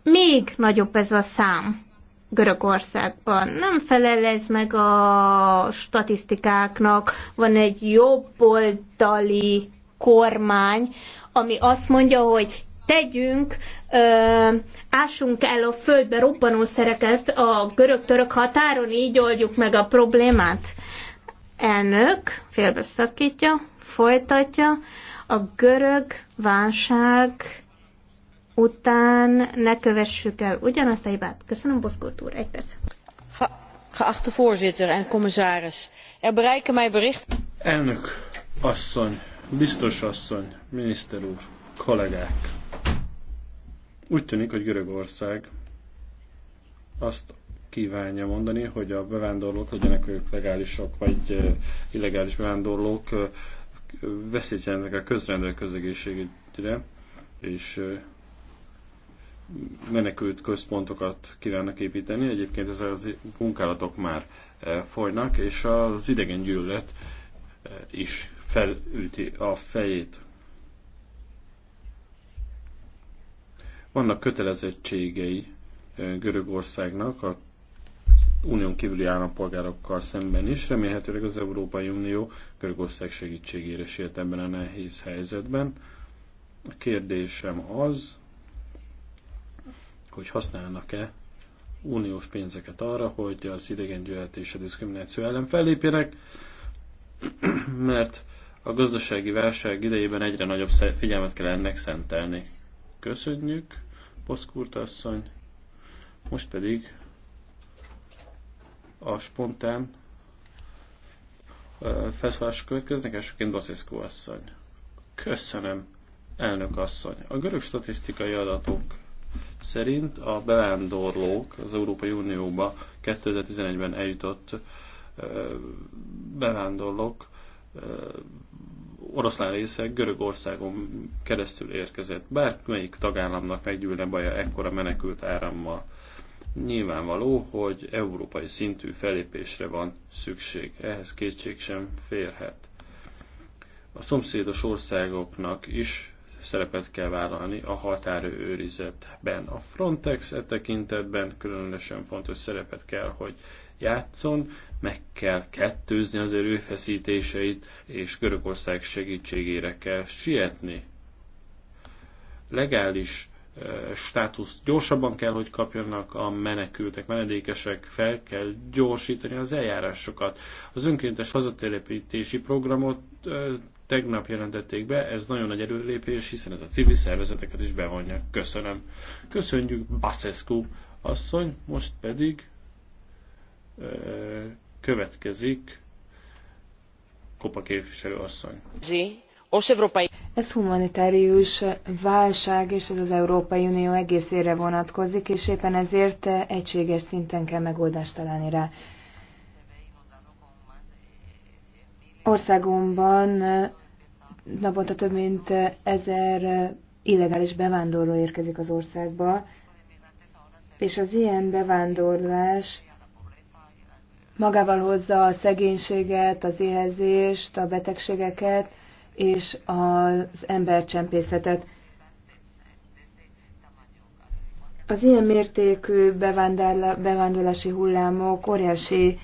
még nagyobb ez a szám Görögországban. Nem felel ez meg a statisztikáknak, van egy jobboldali kormány, ami azt mondja, hogy tegyünk, ö, ásunk el a földbe robbanószereket a görög-török határon, így oldjuk meg a problémát. Elnök félbeszakítja, folytatja, a görög válság után ne kövessük el ugyanazt a hibát. Köszönöm, Boszkort úr. Egy perc. Geachte voorzitter en commissaris, er bereiken mij bericht... Elnök asszony, biztos asszony, miniszter úr, kollégák. Úgy tűnik, hogy Görögország azt kívánja mondani, hogy a bevándorlók legyenek ők legálisok vagy illegális bevándorlók veszítjenek a közrendel közegészségügyre, és menekült központokat kívánnak építeni. Egyébként ezek az munkálatok már eh, folynak, és az idegen gyűlölet eh, is felüti a fejét. Vannak kötelezettségei eh, Görögországnak a unión kívüli állampolgárokkal szemben is. Remélhetőleg az Európai Unió Görögország segítségére sért ebben a nehéz helyzetben. A kérdésem az, hogy használnak-e uniós pénzeket arra, hogy az idegengyűlölet és a diszkrimináció ellen fellépjenek, mert a gazdasági válság idejében egyre nagyobb figyelmet kell ennek szentelni. Köszönjük, Poszkurt asszony. Most pedig a spontán felszólások következnek, elsőként Baszeszkó asszony. Köszönöm, elnök asszony. A görög statisztikai adatok szerint a bevándorlók az Európai Unióba 2011-ben eljutott bevándorlók oroszlán része Görögországon keresztül érkezett. Bármelyik tagállamnak meggyűlne baja ekkora menekült árammal. Nyilvánvaló, hogy európai szintű felépésre van szükség. Ehhez kétség sem férhet. A szomszédos országoknak is szerepet kell vállalni a határőrizetben. A Frontex e tekintetben különösen fontos szerepet kell, hogy játszon, meg kell kettőzni az erőfeszítéseit, és Görögország segítségére kell sietni. Legális e, státuszt gyorsabban kell, hogy kapjanak a menekültek, menedékesek, fel kell gyorsítani az eljárásokat. Az önkéntes hazatelepítési programot e, tegnap jelentették be, ez nagyon nagy előrelépés, hiszen ez a civil szervezeteket is bevonja. Köszönöm. Köszönjük Basescu asszony, most pedig ö, következik Kopa képviselő asszony. Ez humanitárius válság, és ez az Európai Unió egészére vonatkozik, és éppen ezért egységes szinten kell megoldást találni rá. Országomban naponta több mint ezer illegális bevándorló érkezik az országba, és az ilyen bevándorlás magával hozza a szegénységet, az éhezést, a betegségeket és az embercsempészetet. Az ilyen mértékű bevándorlási hullámok óriási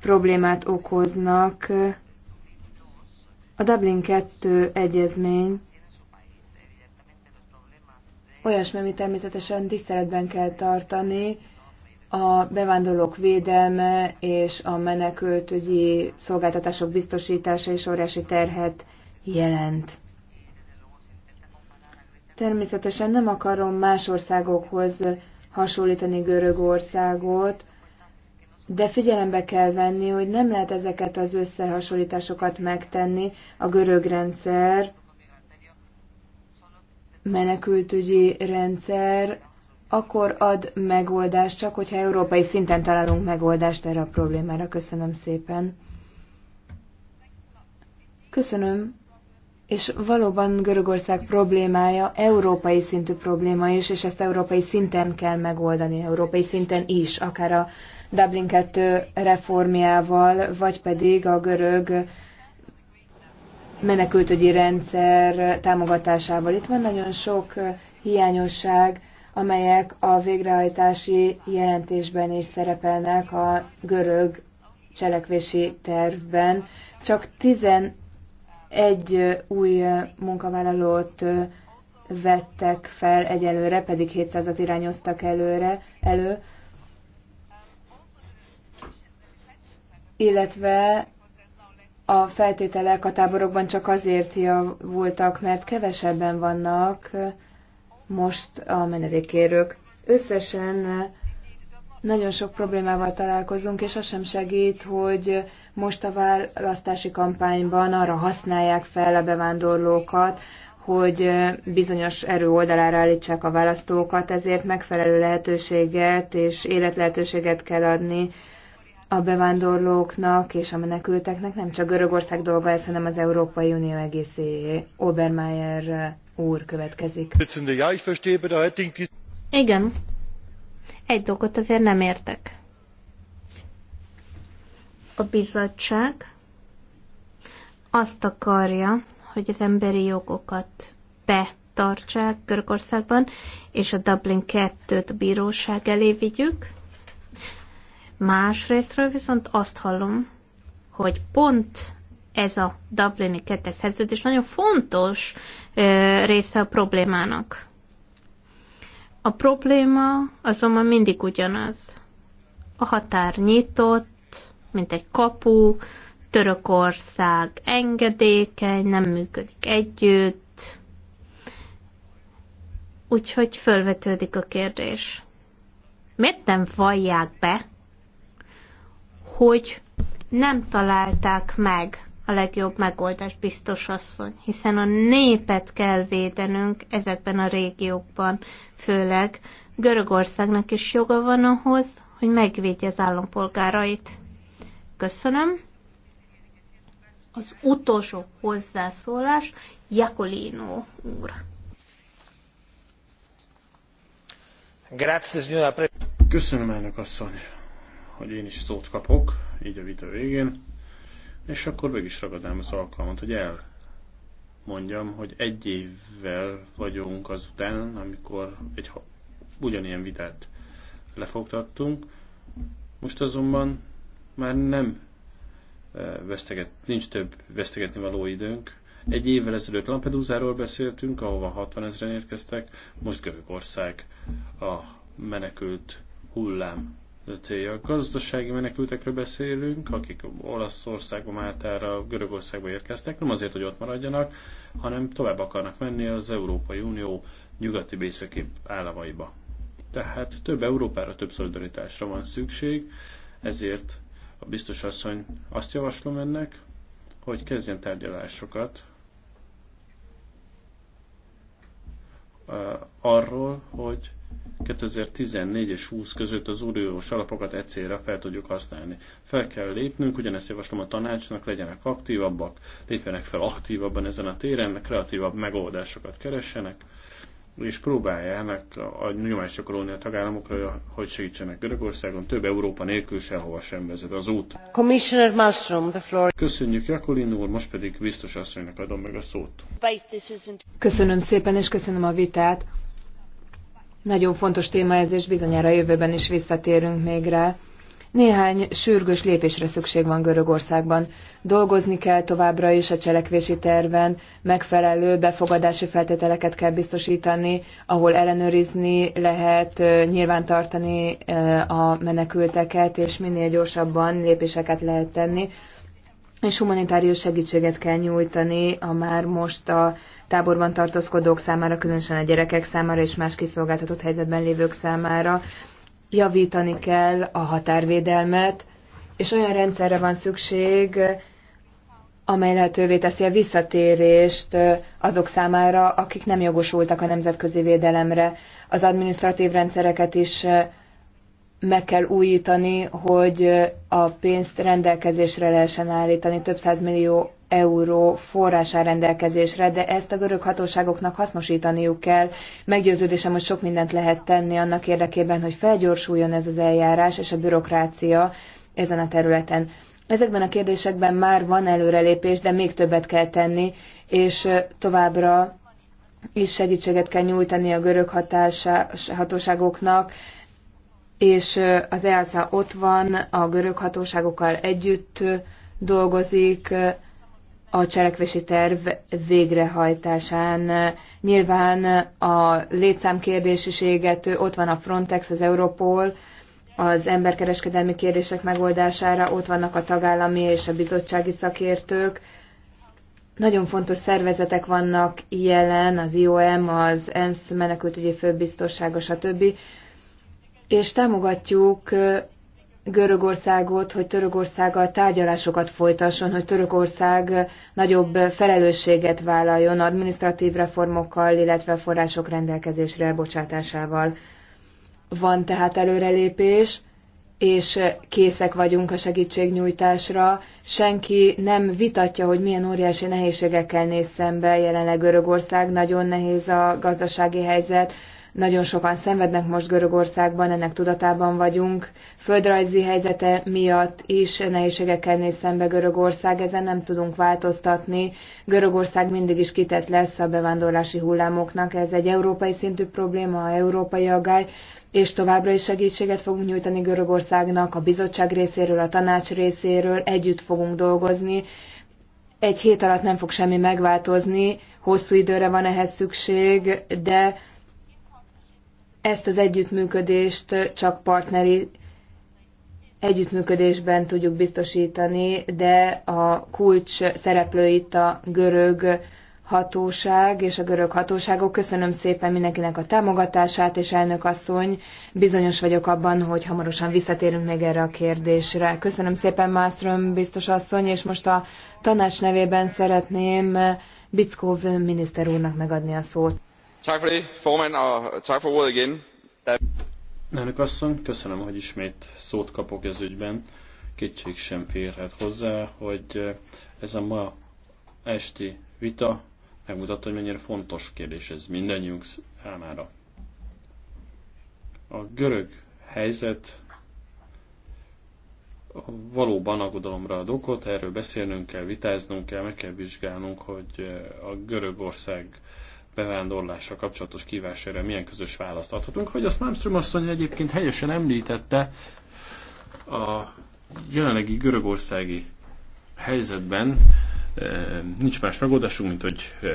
problémát okoznak a Dublin 2 egyezmény olyasmi, amit természetesen tiszteletben kell tartani, a bevándorlók védelme és a menekültügyi szolgáltatások biztosítása is óriási terhet jelent. Természetesen nem akarom más országokhoz hasonlítani Görögországot, de figyelembe kell venni, hogy nem lehet ezeket az összehasonlításokat megtenni. A görög rendszer, menekültügyi rendszer akkor ad megoldást, csak hogyha európai szinten találunk megoldást erre a problémára. Köszönöm szépen. Köszönöm. És valóban Görögország problémája európai szintű probléma is, és ezt európai szinten kell megoldani, európai szinten is, akár a Dublin 2 reformjával, vagy pedig a görög menekültügyi rendszer támogatásával. Itt van nagyon sok hiányosság, amelyek a végrehajtási jelentésben is szerepelnek a görög cselekvési tervben. Csak 11 új munkavállalót vettek fel egyelőre, pedig 700-at irányoztak előre, elő. illetve a feltételek a táborokban csak azért voltak, mert kevesebben vannak most a menedékérők. Összesen nagyon sok problémával találkozunk, és az sem segít, hogy most a választási kampányban arra használják fel a bevándorlókat, hogy bizonyos erő oldalára állítsák a választókat, ezért megfelelő lehetőséget és életlehetőséget kell adni a bevándorlóknak és a menekülteknek nem csak Görögország dolga ez, hanem az Európai Unió egészé. Obermeier úr következik. Igen. Egy dolgot azért nem értek. A bizottság azt akarja, hogy az emberi jogokat betartsák Görögországban, és a Dublin 2-t a bíróság elé vigyük, Másrésztről viszont azt hallom, hogy pont ez a Dublini kettes szerződés nagyon fontos ö, része a problémának. A probléma azonban mindig ugyanaz. A határ nyitott, mint egy kapu, Törökország engedékeny, nem működik együtt, úgyhogy fölvetődik a kérdés. Miért nem vallják be, hogy nem találták meg a legjobb megoldást, biztos asszony, hiszen a népet kell védenünk ezekben a régiókban, főleg Görögországnak is joga van ahhoz, hogy megvédje az állampolgárait. Köszönöm. Az utolsó hozzászólás Jakolino úr. Köszönöm, elnök asszony hogy én is szót kapok, így a vita végén, és akkor meg is ragadnám az alkalmat, hogy elmondjam, hogy egy évvel vagyunk azután, amikor egy ugyanilyen vitát lefogtattunk. Most azonban már nem e, veszteget, nincs több vesztegetni való időnk. Egy évvel ezelőtt Lampedúzáról beszéltünk, ahova 60 ezeren érkeztek, most Görögország a menekült hullám célja. Gazdasági menekültekről beszélünk, akik Olaszországba, Máltára, Görögországba érkeztek, nem azért, hogy ott maradjanak, hanem tovább akarnak menni az Európai Unió nyugati bészeki államaiba. Tehát több Európára, több szolidaritásra van szükség, ezért a biztos asszony azt javaslom ennek, hogy kezdjen tárgyalásokat arról, hogy 2014 és 20 között az uniós alapokat egy célra fel tudjuk használni. Fel kell lépnünk, ugyanezt javaslom a tanácsnak, legyenek aktívabbak, lépjenek fel aktívabban ezen a téren, kreatívabb megoldásokat keressenek, és próbálják a nyomást gyakorolni a tagállamokra, hogy segítsenek Görögországon. Több Európa nélkül sehova sem vezet az út. Commissioner Malmström, the floor. Köszönjük Jakolin úr, most pedig biztos asszonynak adom meg a szót. Köszönöm szépen, és köszönöm a vitát. Nagyon fontos téma ez, és bizonyára jövőben is visszatérünk még rá. Néhány sürgős lépésre szükség van Görögországban. Dolgozni kell továbbra is a cselekvési terven, megfelelő befogadási feltételeket kell biztosítani, ahol ellenőrizni lehet, nyilvántartani a menekülteket, és minél gyorsabban lépéseket lehet tenni és humanitárius segítséget kell nyújtani a már most a táborban tartózkodók számára, különösen a gyerekek számára és más kiszolgáltatott helyzetben lévők számára. Javítani kell a határvédelmet, és olyan rendszerre van szükség, amely lehetővé teszi a visszatérést azok számára, akik nem jogosultak a nemzetközi védelemre. Az administratív rendszereket is meg kell újítani, hogy a pénzt rendelkezésre lehessen állítani. Több millió euró forrásá rendelkezésre, de ezt a görög hatóságoknak hasznosítaniuk kell. Meggyőződésem, hogy sok mindent lehet tenni annak érdekében, hogy felgyorsuljon ez az eljárás és a bürokrácia ezen a területen. Ezekben a kérdésekben már van előrelépés, de még többet kell tenni, és továbbra is segítséget kell nyújtani a görög hatása, hatóságoknak, és az EASA ott van, a görög hatóságokkal együtt dolgozik, a cselekvési terv végrehajtásán. Nyilván a létszámkérdésiséget ott van a Frontex, az Europol, az emberkereskedelmi kérdések megoldására, ott vannak a tagállami és a bizottsági szakértők. Nagyon fontos szervezetek vannak jelen, az IOM, az ENSZ menekültügyi főbiztossága, stb. És támogatjuk Görögországot, hogy Törökországgal tárgyalásokat folytasson, hogy Törökország nagyobb felelősséget vállaljon administratív reformokkal, illetve források rendelkezésre bocsátásával. Van tehát előrelépés, és készek vagyunk a segítségnyújtásra. Senki nem vitatja, hogy milyen óriási nehézségekkel néz szembe jelenleg Görögország. Nagyon nehéz a gazdasági helyzet, nagyon sokan szenvednek most Görögországban, ennek tudatában vagyunk. Földrajzi helyzete miatt is nehézségekkel néz szembe Görögország, ezen nem tudunk változtatni. Görögország mindig is kitett lesz a bevándorlási hullámoknak. Ez egy európai szintű probléma, a európai aggály, és továbbra is segítséget fogunk nyújtani Görögországnak a bizottság részéről, a tanács részéről, együtt fogunk dolgozni. Egy hét alatt nem fog semmi megváltozni, hosszú időre van ehhez szükség, de ezt az együttműködést csak partneri együttműködésben tudjuk biztosítani, de a kulcs itt a görög hatóság és a görög hatóságok. Köszönöm szépen mindenkinek a támogatását, és elnök asszony, bizonyos vagyok abban, hogy hamarosan visszatérünk még erre a kérdésre. Köszönöm szépen, Mászröm biztos asszony, és most a tanács nevében szeretném Bickov miniszter úrnak megadni a szót. Tak for det, formand, og tak for ordet igen. Elnök asszony, köszönöm, hogy ismét szót kapok ez ügyben. Kétség sem férhet hozzá, hogy eh, ez a ma esti vita megmutatta, hogy mennyire fontos kérdés ez mindannyiunk számára. A görög helyzet valóban aggodalomra ad okot, erről beszélnünk kell, vitáznunk kell, meg kell vizsgálnunk, hogy eh, a Görögország bevándorlással kapcsolatos kívásra milyen közös választ adhatunk. Hogy azt Malmström asszony egyébként helyesen említette, a jelenlegi görögországi helyzetben e, nincs más megoldásunk, mint hogy e,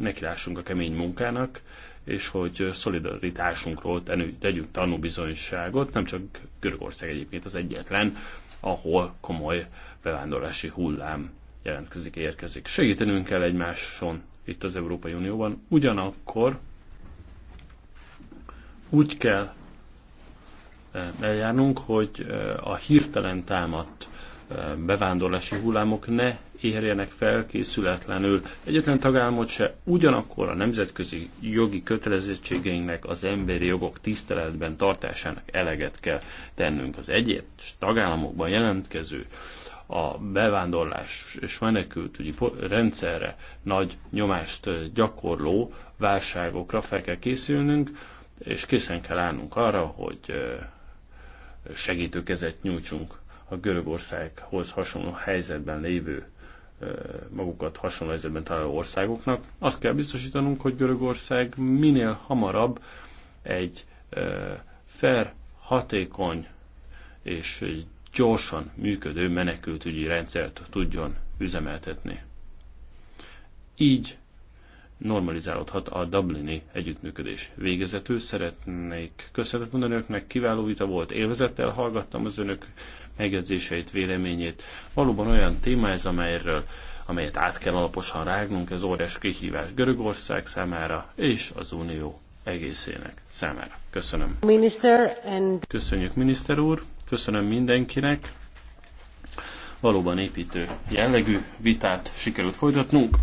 nekilássunk a kemény munkának, és hogy szolidaritásunkról tegyünk tanúbizonyságot, nem csak Görögország egyébként az egyetlen, ahol komoly bevándorlási hullám jelentkezik, érkezik. Segítenünk kell egymáson, itt az Európai Unióban. Ugyanakkor úgy kell eh, eljárnunk, hogy eh, a hirtelen támadt eh, bevándorlási hullámok ne érjenek felkészületlenül. Egyetlen tagállamot se ugyanakkor a nemzetközi jogi kötelezettségeinknek az emberi jogok tiszteletben tartásának eleget kell tennünk. Az egyes tagállamokban jelentkező a bevándorlás és menekültügyi rendszerre nagy nyomást gyakorló válságokra fel kell készülnünk, és készen kell állnunk arra, hogy segítőkezet nyújtsunk a Görögországhoz hasonló helyzetben lévő magukat hasonló helyzetben találó országoknak. Azt kell biztosítanunk, hogy Görögország minél hamarabb egy fair, hatékony és gyorsan működő menekültügyi rendszert tudjon üzemeltetni. Így normalizálódhat a Dublini együttműködés. Végezetül szeretnék köszönetet mondani önöknek, kiváló vita volt, élvezettel hallgattam az önök megjegyzéseit, véleményét. Valóban olyan téma ez, amelyről, amelyet át kell alaposan rágnunk, ez óriás kihívás Görögország számára és az Unió egészének számára. Köszönöm. Minister and... Köszönjük, miniszter úr! Köszönöm mindenkinek. Valóban építő jellegű vitát sikerült folytatnunk.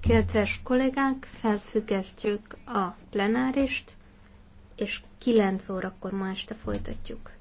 Kedves kollégánk, felfüggesztjük a plenárist, és 9 órakor ma este folytatjuk.